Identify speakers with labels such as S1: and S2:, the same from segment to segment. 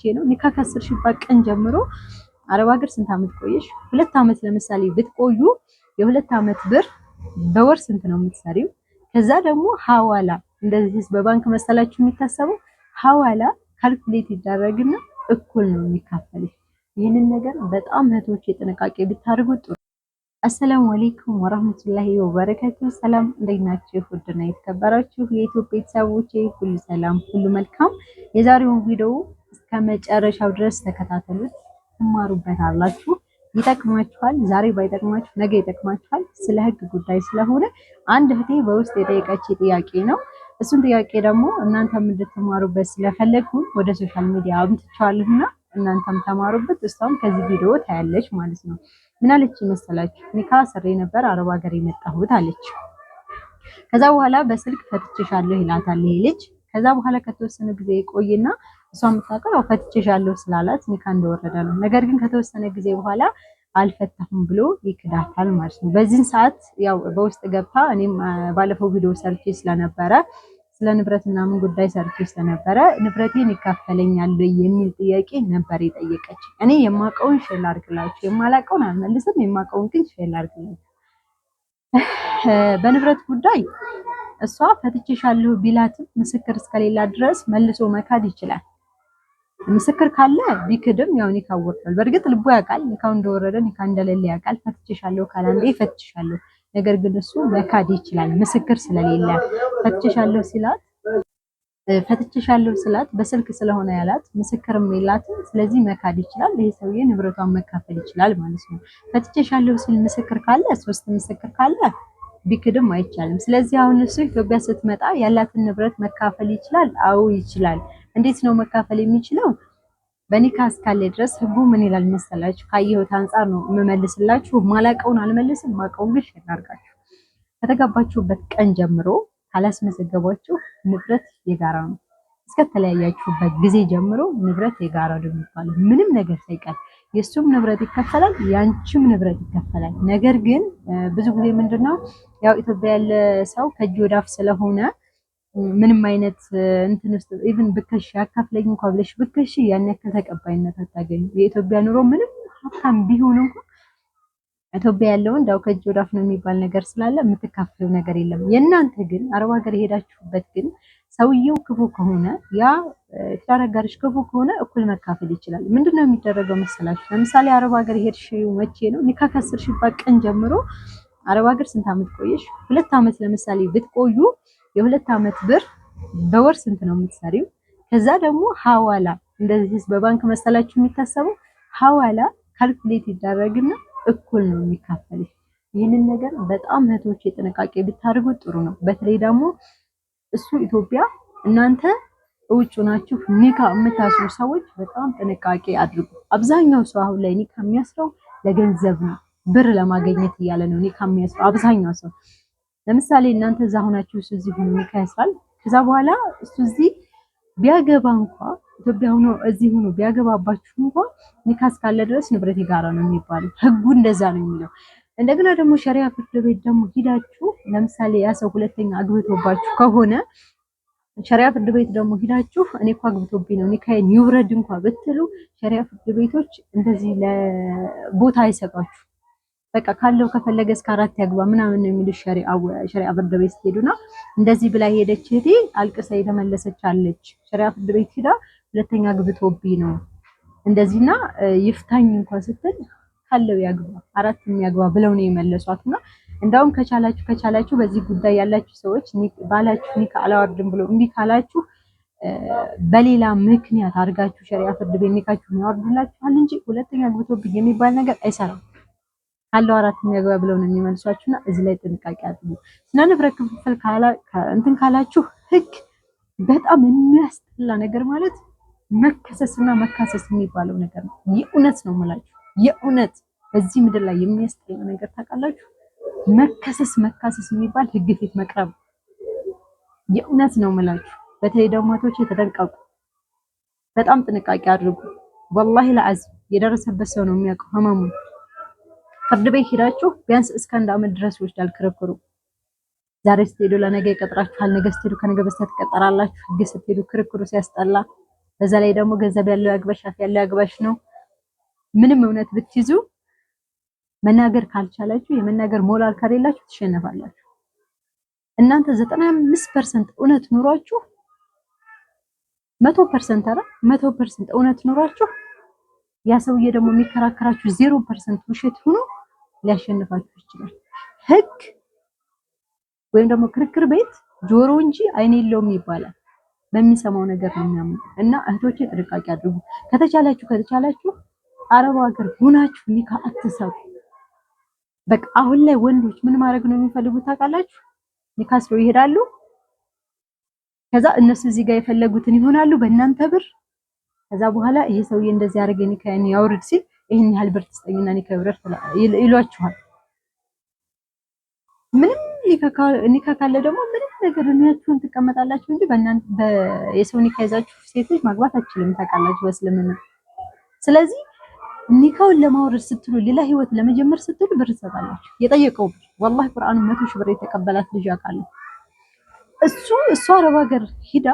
S1: ቼ ነው ኒካ ካሰርሽባት ቀን ጀምሮ አረብ ሀገር ስንት አመት ቆየሽ? ሁለት አመት ለምሳሌ ብትቆዩ የሁለት አመት ብር በወር ስንት ነው የምትሰሪው? ከዛ ደግሞ ሀዋላ እንደዚህ በባንክ መሰላችሁ የሚታሰበው ሀዋላ ካልኩሌት ይደረግና እኩል ነው የሚካፈልሽ። ይህንን ነገር በጣም እህቶች የጥንቃቄ ብታደርጉ ጥሩ። አሰላሙ አሌይኩም ወራህመቱላሂ ወበረከቱ። ሰላም እንዴት ናችሁ? ውድና የተከበራችሁ የኢትዮጵያ ቤተሰቦቼ ሁሉ ሰላም፣ ሁሉ መልካም። የዛሬውን ቪዲዮ ከመጨረሻው ድረስ ተከታተሉት፣ ትማሩበት አላችሁ፣ ይጠቅማችኋል። ዛሬ ባይጠቅማችሁ ነገ ይጠቅማችኋል። ስለ ህግ ጉዳይ ስለሆነ አንድ እህቴ በውስጥ የጠየቀች ጥያቄ ነው። እሱን ጥያቄ ደግሞ እናንተም እንድትማሩበት ስለፈለግኩ ወደ ሶሻል ሚዲያ አምጥቼዋለሁና እናንተም ተማሩበት። እሷም ከዚህ ቪዲዮ ታያለች ማለት ነው። ምን አለች መሰላችሁ? ኒካ ስሬ ነበር አረብ ሀገር የመጣሁት አለች። ከዛ በኋላ በስልክ ፈትቼሻለሁ ይላታል ይሄ ልጅ። ከዛ በኋላ ከተወሰነ ጊዜ ቆይና እሷ የምታውቀው ያው ፈትቼሻለሁ ስላላት ኒካ እንደወረደ ነው። ነገር ግን ከተወሰነ ጊዜ በኋላ አልፈታሁም ብሎ ይክዳታል ማለት ነው። በዚህን ሰዓት ያው በውስጥ ገብታ እኔም ባለፈው ቪዲዮ ሰርቼ ስለነበረ ስለ ንብረት ምናምን ጉዳይ ሰርቼ ስለነበረ ንብረቴን ይካፈለኛል የሚል ጥያቄ ነበር የጠየቀች። እኔ የማውቀውን ሼር ላድርግላችሁ፣ የማላውቀውን አልመልስም፣ የማውቀውን ግን ሼር ላድርግላችሁ። በንብረት ጉዳይ እሷ ፈትቼሻለሁ ቢላትም ምስክር እስከሌላ ድረስ መልሶ መካድ ይችላል። ምስክር ካለ ቢክድም ያው ኒካ ወርዷል። በእርግጥ ልቡ ያውቃል ኒካው እንደወረደ ኒካ እንደሌለ ያውቃል። ፈትችሻለሁ ካላንዴ ፈትችሻለሁ። ነገር ግን እሱ መካድ ይችላል ምስክር ስለሌለ። ፈትችሻለሁ ሲላት ፈትችሻለሁ ስላት በስልክ ስለሆነ ያላት ምስክርም የላትም። ስለዚህ መካድ ይችላል። ይሄ ሰውዬ ንብረቷን መካፈል ይችላል ማለት ነው። ፈትችሻለሁ ሲል ምስክር ካለ ሶስት ምስክር ካለ ቢክድም አይቻልም። ስለዚህ አሁን እሱ ኢትዮጵያ ስትመጣ ያላትን ንብረት መካፈል ይችላል። አዎ ይችላል። እንዴት ነው መካፈል የሚችለው? በኒካ እስካለ ድረስ ህጉ ምን ይላል መሰላችሁ? ካየሁት አንጻር ነው የምመልስላችሁ። ማላቀውን አልመልስም፣ ማቀውን ግን እናርጋችሁ። ከተጋባችሁበት ቀን ጀምሮ ካላስመዘገባችሁ ንብረት የጋራ ነው። እስከተለያያችሁበት ጊዜ ጀምሮ ንብረት የጋራ ነው የሚባለው ምንም ነገር ሳይቀር የእሱም ንብረት ይከፈላል፣ ያንቺም ንብረት ይከፈላል። ነገር ግን ብዙ ጊዜ ምንድነው ያው ኢትዮጵያ ያለ ሰው ከእጅ ወዳፍ ስለሆነ ምንም አይነት እንትን ውስጥ ኢቭን ብከሽ አካፍለኝ እንኳ ብለሽ ብከሽ ያን ያክል ተቀባይነት አታገኝ የኢትዮጵያ ኑሮ ምንም ሀብታም ቢሆን እንኳ ኢትዮጵያ ያለውን እንዳው ከእጅ ወዳፍ ነው የሚባል ነገር ስላለ የምትካፍለው ነገር የለም። የእናንተ ግን አረብ ሀገር የሄዳችሁበት ግን ሰውየው ክፉ ከሆነ ያ ትዳር አጋርሽ ክፉ ከሆነ እኩል መካፈል ይችላል። ምንድነው የሚደረገው መሰላችሁ? ለምሳሌ አረብ ሀገር ሄድሽ መቼ ነው ኒካ ቀን ጀምሮ አረብ ሀገር ስንት ዓመት ቆየሽ? ሁለት ዓመት ለምሳሌ ብትቆዩ የሁለት ዓመት ብር በወር ስንት ነው የምትሰሪው? ከዛ ደግሞ ሀዋላ እንደዚህ በባንክ መሰላችሁ የሚታሰበው ሀዋላ ካልኩሌት ይደረግና እኩል ነው የሚካፈልሽ። ይህንን ነገር በጣም እህቶች ጥንቃቄ ብታደርጉ ጥሩ ነው። በተለይ ደግሞ እሱ ኢትዮጵያ እናንተ እውጭ ናችሁ ኒካ የምታስሩ ሰዎች በጣም ጥንቃቄ አድርጉ። አብዛኛው ሰው አሁን ላይ ኒካ የሚያስረው ለገንዘብ ነው፣ ብር ለማገኘት እያለ ነው ኒካ የሚያስረው አብዛኛው ሰው ለምሳሌ እናንተ እዛ ሆናችሁ እሱ እዚህ ሆኖ ኒካ ከዛ በኋላ እሱ እዚህ ቢያገባ እንኳ ኢትዮጵያ ሆኖ እዚህ ሆኖ ቢያገባባችሁ እንኳ ኒካ እስካለ ድረስ ንብረት የጋራ ነው የሚባለው። ህጉ እንደዛ ነው የሚለው። እንደገና ደግሞ ሸሪያ ፍርድ ቤት ደግሞ ሂዳችሁ ለምሳሌ ያ ሰው ሁለተኛ አግብቶባችሁ ከሆነ ሸሪያ ፍርድ ቤት ደግሞ ሂዳችሁ እኔ እኮ አግብቶብኝ ነው ኒካዬን ይውረድ እንኳ ብትሉ ሸሪያ ፍርድ ቤቶች እንደዚህ ለቦታ አይሰጧችሁ በቃ ካለው ከፈለገ እስከ አራት ያግባ ምናምን ነው የሚሉ ሸሪዓ ፍርድ ቤት ስትሄዱና እንደዚህ ብላ ሄደች እህቴ አልቅሰ የተመለሰች አለች። ሸሪዓ ፍርድ ቤት ሄዳ ሁለተኛ ግብቶቢ ነው እንደዚህና ይፍታኝ እንኳን ስትል ካለው ያግባ አራት የሚያግባ ብለው ነው የመለሷትና እንዳውም ከቻላችሁ ከቻላችሁ በዚህ ጉዳይ ያላችሁ ሰዎች ባላችሁ ኒካ አላወርድም ብሎ እምቢ ካላችሁ በሌላ ምክንያት አድርጋችሁ ሸሪያ ፍርድ ቤት ኒካችሁ ያወርዱላችኋል እንጂ ሁለተኛ ግብቶብኝ የሚባል ነገር አይሰራም። ካለው አራት የሚያገባ ብለው ነው የሚመልሷችሁ። እና እዚህ ላይ ጥንቃቄ አድርጉ። ስነ ንብረት ክፍፍል እንትን ካላችሁ ህግ በጣም የሚያስጠላ ነገር ማለት መከሰስና መካሰስ የሚባለው ነገር ነው። የእውነት ነው የምላችሁ፣ የእውነት በዚህ ምድር ላይ የሚያስጠላ ነገር ታውቃላችሁ? መከሰስ መካሰስ የሚባል ህግ ፊት መቅረብ የእውነት ነው የምላችሁ። በተለይ ደማቶች እህቶች በጣም ጥንቃቄ አድርጉ። ወላሂ ለአዝ የደረሰበት ሰው ነው የሚያውቀው ህመሙን ፍርድ ቤት ሄዳችሁ ቢያንስ እስከ አንድ አመት ድረስ ይወስዳል ክርክሩ። ዛሬ ስትሄዱ ለነገ ይቀጥራችኋል፣ ነገ ስትሄዱ ከነገ በስቲያ ትቀጠራላችሁ። ህግ ስትሄዱ ክርክሩ ሲያስጠላ፣ በዛ ላይ ደግሞ ገንዘብ ያለው ያግባሽ፣ አፍ ያለው ያግባሽ ነው። ምንም እውነት ብትይዙ መናገር ካልቻላችሁ የመናገር ሞራል ከሌላችሁ ትሸነፋላችሁ። እናንተ 95% እውነት ኑሯችሁ 100% አረ 100% እውነት ኑሯችሁ ያ ሰውዬ ደግሞ የሚከራከራችሁ 0% ውሸት ሆኖ ሊያሸንፋችሁ ይችላል። ህግ ወይም ደግሞ ክርክር ቤት ጆሮ እንጂ አይን የለውም ይባላል። በሚሰማው ነገር ነው የሚያምኑ እና እህቶቼ ጥንቃቄ አድርጉ። ከተቻላችሁ ከተቻላችሁ አረብ ሀገር ሆናችሁ ኒካ አትሰሩ። በቃ አሁን ላይ ወንዶች ምን ማድረግ ነው የሚፈልጉት ታውቃላችሁ? ኒካ አስረው ይሄዳሉ። ከዛ እነሱ እዚህ ጋር የፈለጉትን ይሆናሉ በእናንተ ብር። ከዛ በኋላ ይሄ ሰውዬ እንደዚህ አድርገን ኒካ ያውርድ ሲል ይህን ያህል ብር ትስጠኝና እኔ ከብረር ይሏችኋል። ምንም ኒካ ካለ ደግሞ ምንም ነገር እድሜያችሁን ትቀመጣላችሁ እንጂ በእናንተ የሰው ኒካ ይዛችሁ ሴቶች ማግባት አችልም ታውቃላችሁ፣ በእስልምና ስለዚህ ኒካውን ለማውረድ ስትሉ ሌላ ህይወት ለመጀመር ስትሉ ብር ትሰጣላችሁ። የጠየቀው ብር ወላሂ ቁርአኑ መቶ ሺህ ብር የተቀበላት ልጅ አውቃለሁ። እሱ እሱ አረብ ሀገር ሂዳ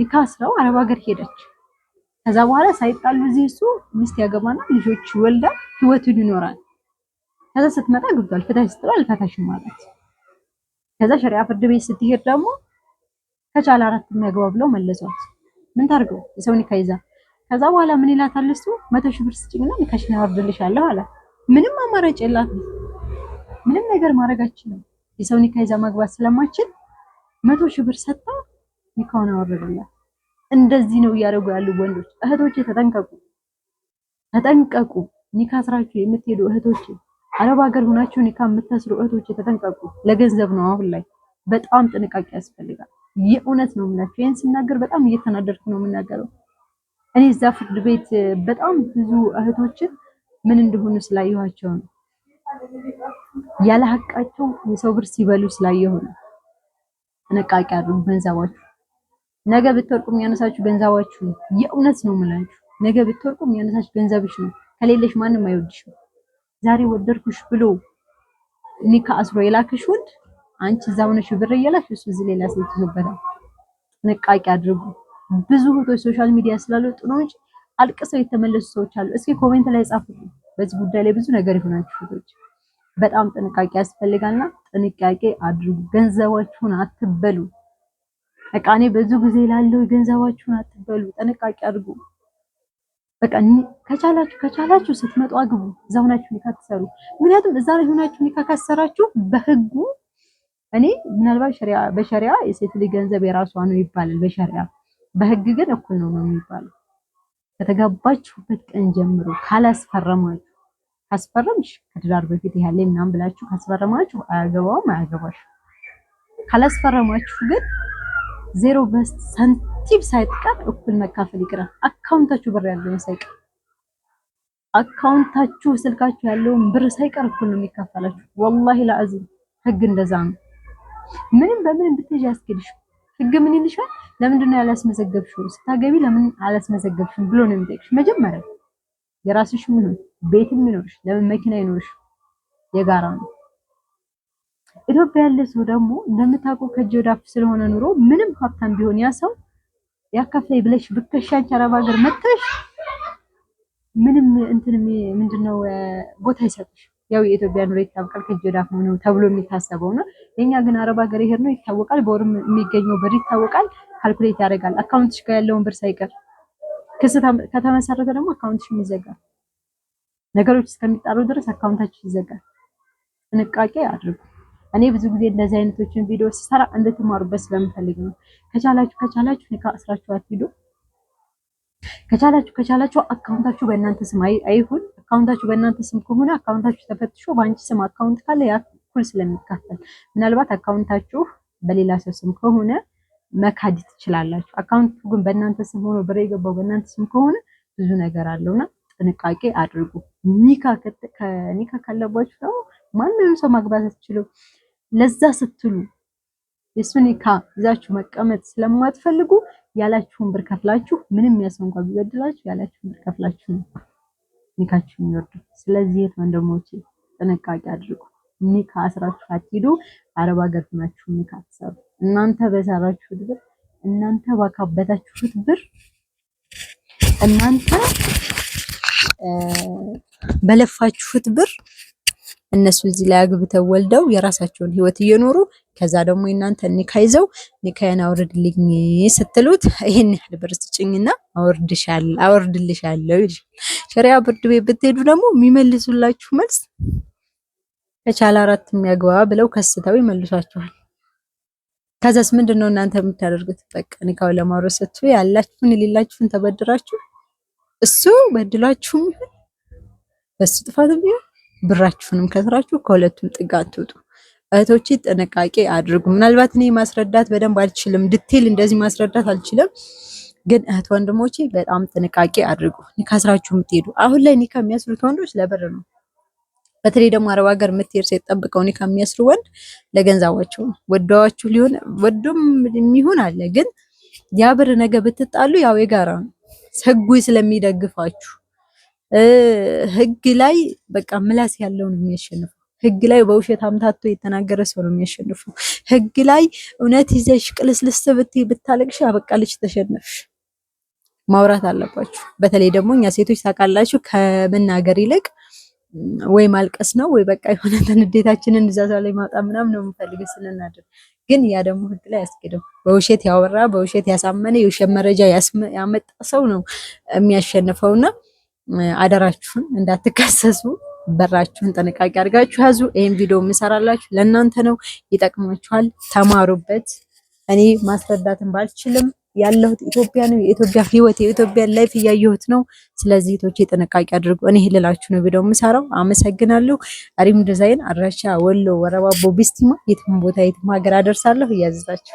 S1: ኒካ ስራው አረብ ሀገር ሄደች ከዛ በኋላ ሳይጣሉ እዚህ እሱ ሚስት ያገባና ልጆች ወልዳ ህይወቱን ይኖራል። ከዛ ስትመጣ ግብቷል ፍታሽ ስትለው ፈታሽ ማለት። ከዛ ሸሪዓ ፍርድ ቤት ስትሄድ ደግሞ ከቻለ አራት የሚያገባ ብለው መለሷት። ምን ታርገው የሰው ኒካ ይዛ። ከዛ በኋላ ምን ይላታል እሱ መቶ ሺህ ብር ስጭኝና ኒካሽን አወርድልሻለሁ አላት። ምንም አማራጭ የላትም። ምንም ነገር ማድረግ አችልም። የሰው ኒካ ይዛ መግባት ስለማችል መቶ ሺህ ብር ሰጥታ ኒካውን አወረደላት። እንደዚህ ነው እያደረጉ ያሉ ወንዶች። እህቶቼ ተጠንቀቁ፣ ተጠንቀቁ። ኒካ ስራችሁ የምትሄዱ እህቶቼ፣ አረብ ሀገር ሆናችሁ ኒካ የምታስሩ እህቶቼ ተጠንቀቁ። ለገንዘብ ነው አሁን ላይ በጣም ጥንቃቄ ያስፈልጋል። የእውነት ነው የምላችሁ። ይህን ስናገር በጣም እየተናደድኩ ነው የምናገረው። እኔ እዛ ፍርድ ቤት በጣም ብዙ እህቶችን ምን እንደሆኑ ስላየኋቸው ነው ያለ ሀቃቸው የሰው ብር ሲበሉ ስላየሆነ ጥንቃቄ አድርጉ ገንዘባችሁ ነገ ብትወርቁ የሚያነሳችሁ ገንዘባችሁ ነው። የእውነት ነው የምላችሁ። ነገ ብትወርቁ የሚያነሳችሁ ገንዘብሽ ነው። ከሌለሽ ማንም አይወድሽም። ዛሬ ወደድኩሽ ብሎ ኒካ አስሮ የላክሽ ወንድ አንቺ እዛ ሆነሽ ብር እየላክሽ እሱ እዚህ ሌላ ሴት ይዞበታል። ጥንቃቄ አድርጉ። ብዙ እህቶች ሶሻል ሚዲያ ስላሉ ነው እንጂ አልቅሰው የተመለሱ ሰዎች አሉ። እስኪ ኮሜንት ላይ ጻፉ። በዚህ ጉዳይ ላይ ብዙ ነገር ይሆናችሁ እህቶች። በጣም ጥንቃቄ ያስፈልጋልና ጥንቃቄ አድርጉ። ገንዘባችሁን አትበሉ። በቃ እኔ ብዙ ጊዜ ላለው ገንዘባችሁን አትበሉ፣ ጥንቃቄ አድርጉ። በቃ ከቻላችሁ ከቻላችሁ ስትመጡ አግቡ። እዛ ሆናችሁ ኒካ ትሰሩ። ምክንያቱም እዛ ላይ ሆናችሁ ኒካ ካሰራችሁ በህጉ እኔ ምናልባት ሸሪያ በሸሪያ የሴት ልጅ ገንዘብ የራሷ ነው ይባላል በሸሪያ በህግ ግን እኩል ነው ነው የሚባለው። ከተጋባችሁበት ቀን ጀምሮ ካላስፈረማችሁ ካስፈረምሽ ከትዳር በፊት ያለ ምናምን ብላችሁ ካስፈረማችሁ አያገባውም አያገባሽ ካላስፈረማችሁ ግን ዜሮ በስት ሳንቲም ሳይቀር እኩል መካፈል ይቅራል። አካውንታችሁ ብር ያለውን ሳይቀር አካውንታችሁ ስልካችሁ ያለውን ብር ሳይቀር እኩል ነው የሚካፈላችሁ። ወላሂ ለአዚም ህግ እንደዛ ነው። ምንም በምንም ብትሄጂ ያስኬድሽ ህግ ምን ይልሻል? ለምንድን ነው ያላስመዘገብሽው? ስታገቢ ለምን አላስመዘገብሽም ብሎ ነው የሚጠይቅሽ። መጀመሪያ የራስሽ ምን ቤትም ይኖርሽ ለምን መኪና ይኖርሽ የጋራ ነው። ኢትዮጵያ ያለ ሰው ደግሞ እንደምታውቀው ከእጅ ወዳፍ ስለሆነ ኑሮ ምንም ሀብታም ቢሆን ያ ሰው ያካፍለኝ ብለሽ ብከሻንች አረብ ሀገር መጥተሽ ምንም እንትን ምንድነው ቦታ አይሰጥሽ። ያው የኢትዮጵያ ኑሮ ይታወቃል፣ ከእጅ ወዳፍ ነው ተብሎ የሚታሰበው ነው። የኛ ግን አረብ ሀገር ይሄድ ነው ይታወቃል፣ በወርም የሚገኘው ብር ይታወቃል። ካልኩሌት ያደርጋል አካውንትሽ ጋር ያለውን ብር ሳይቀር። ክስ ከተመሰረተ ደግሞ አካውንትሽ ይዘጋል። ነገሮች እስከሚጣሩ ድረስ አካውንታችሁ ይዘጋል። ጥንቃቄ አድርጉ። እኔ ብዙ ጊዜ እንደዚህ አይነቶችን ቪዲዮ ስሰራ እንድትማሩበት ስለምፈልግ ነው። ከቻላችሁ ከቻላችሁ ኒካ አስራችሁ አትሂዱ። ከቻላችሁ ከቻላችሁ አካውንታችሁ በእናንተ ስም አይሁን። አካውንታችሁ በእናንተ ስም ከሆነ አካውንታችሁ ተፈትሾ በአንቺ ስም አካውንት ካለ ያ እኩል ስለሚካፈል፣ ምናልባት አካውንታችሁ በሌላ ሰው ስም ከሆነ መካድ ትችላላችሁ። አካውንቱ ግን በእናንተ ስም ሆኖ ብር የገባው በእናንተ ስም ከሆነ ብዙ ነገር አለውና ጥንቃቄ አድርጉ። ኒካ ከኒካ ካለባችሁ ደግሞ ማንም ሰው ማግባት አትችሉም። ለዛ ስትሉ የሱ ኒካ ይዛችሁ መቀመጥ ስለማትፈልጉ ያላችሁን ብር ከፍላችሁ ምንም ያሰው እንኳን ቢበድላችሁ ያላችሁን ብር ከፍላችሁ ነው ኒካችሁ የሚወርዱ። ስለዚህ እህት ወንድሞቼ ጥንቃቄ አድርጉ። ኒካ አስራችሁ አትሂዱ። አረብ ሀገር ሆናችሁ ኒካ አትሰሩ። እናንተ በሰራችሁት ብር፣ እናንተ ባካበታችሁት ብር፣ እናንተ በለፋችሁት ብር እነሱ እዚህ ላይ አግብተው ወልደው የራሳቸውን ህይወት እየኖሩ ከዛ ደግሞ እናንተ ኒካ ይዘው ኒካዬን አውርድልኝ ስትሉት ይህን ያህል ብር ስጭኝና አወርድልሻለሁ ይል ሸሪያ ብርድ ቤት ብትሄዱ ደግሞ የሚመልሱላችሁ መልስ ከቻለ አራት የሚያግባ ብለው ከስተው ይመልሷችኋል። ከዛስ ምንድን ነው እናንተ የምታደርጉት? በቃ ኒካው ለማውረድ ስቱ ያላችሁን የሌላችሁን ተበድራችሁ እሱ በድሏችሁም ይሁን በሱ ጥፋትም ይሁን ብራችሁንም ከስራችሁ ከሁለቱም ጥግ አትውጡ። እህቶች ጥንቃቄ አድርጉ። ምናልባት እኔ ማስረዳት በደንብ አልችልም፣ ዲቴል እንደዚህ ማስረዳት አልችልም። ግን እህት ወንድሞቼ በጣም ጥንቃቄ አድርጉ። ኒካ ስራችሁ የምትሄዱ አሁን ላይ ኒካ የሚያስሩት ወንዶች ለብር ነው። በተለይ ደግሞ አረብ ሀገር የምትሄድ ሴት ጠብቀው ኒካ የሚያስሩ ወንድ ለገንዘባቸው ነው። ወደዋችሁ ሊሆን ወዶም የሚሆን አለ። ግን ያ ብር ነገ ብትጣሉ ያው የጋራ ነው። ህጉ ስለሚደግፋችሁ ህግ ላይ በቃ ምላስ ያለው ነው የሚያሸንፈው። ህግ ላይ በውሸት አምታቶ የተናገረ ሰው ነው የሚያሸንፈው። ህግ ላይ እውነት ይዘሽ ቅልስልስ ብትይ ብታለቅሽ አበቃ ልጅ ተሸነፍሽ። ማውራት አለባችሁ። በተለይ ደግሞ እኛ ሴቶች ታውቃላችሁ፣ ከመናገር ይልቅ ወይ ማልቀስ ነው ወይ በቃ የሆነ ንዴታችንን እዛ ሰው ላይ ማውጣት ምናምን ነው የምፈልግ ስንናደር። ግን ያ ደግሞ ህግ ላይ አያስኬድም። በውሸት ያወራ በውሸት ያሳመነ የውሸት መረጃ ያመጣ ሰው ነው የሚያሸንፈውና አደራችሁን እንዳትከሰሱ። በራችሁን ጥንቃቄ አድርጋችሁ ያዙ። ይህን ቪዲዮ የምሰራላችሁ ለእናንተ ነው፣ ይጠቅማችኋል፣ ተማሩበት። እኔ ማስረዳትን ባልችልም ያለሁት ኢትዮጵያ ነው። የኢትዮጵያ ህይወት የኢትዮጵያን ላይፍ እያየሁት ነው። ስለዚህ ቶቼ ጥንቃቄ አድርጉ። እኔ ልላችሁ ነው ቪዲዮ የምሰራው። አመሰግናለሁ። አሪም ዲዛይን አድራሻ ወሎ ወረባቦ ቢስቲማ፣ የትም ቦታ የትም ሀገር አደርሳለሁ። እያዘዛችሁ